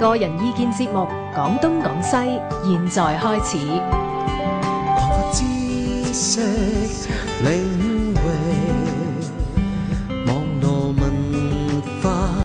個人意見節目《講東講西》，現在開始。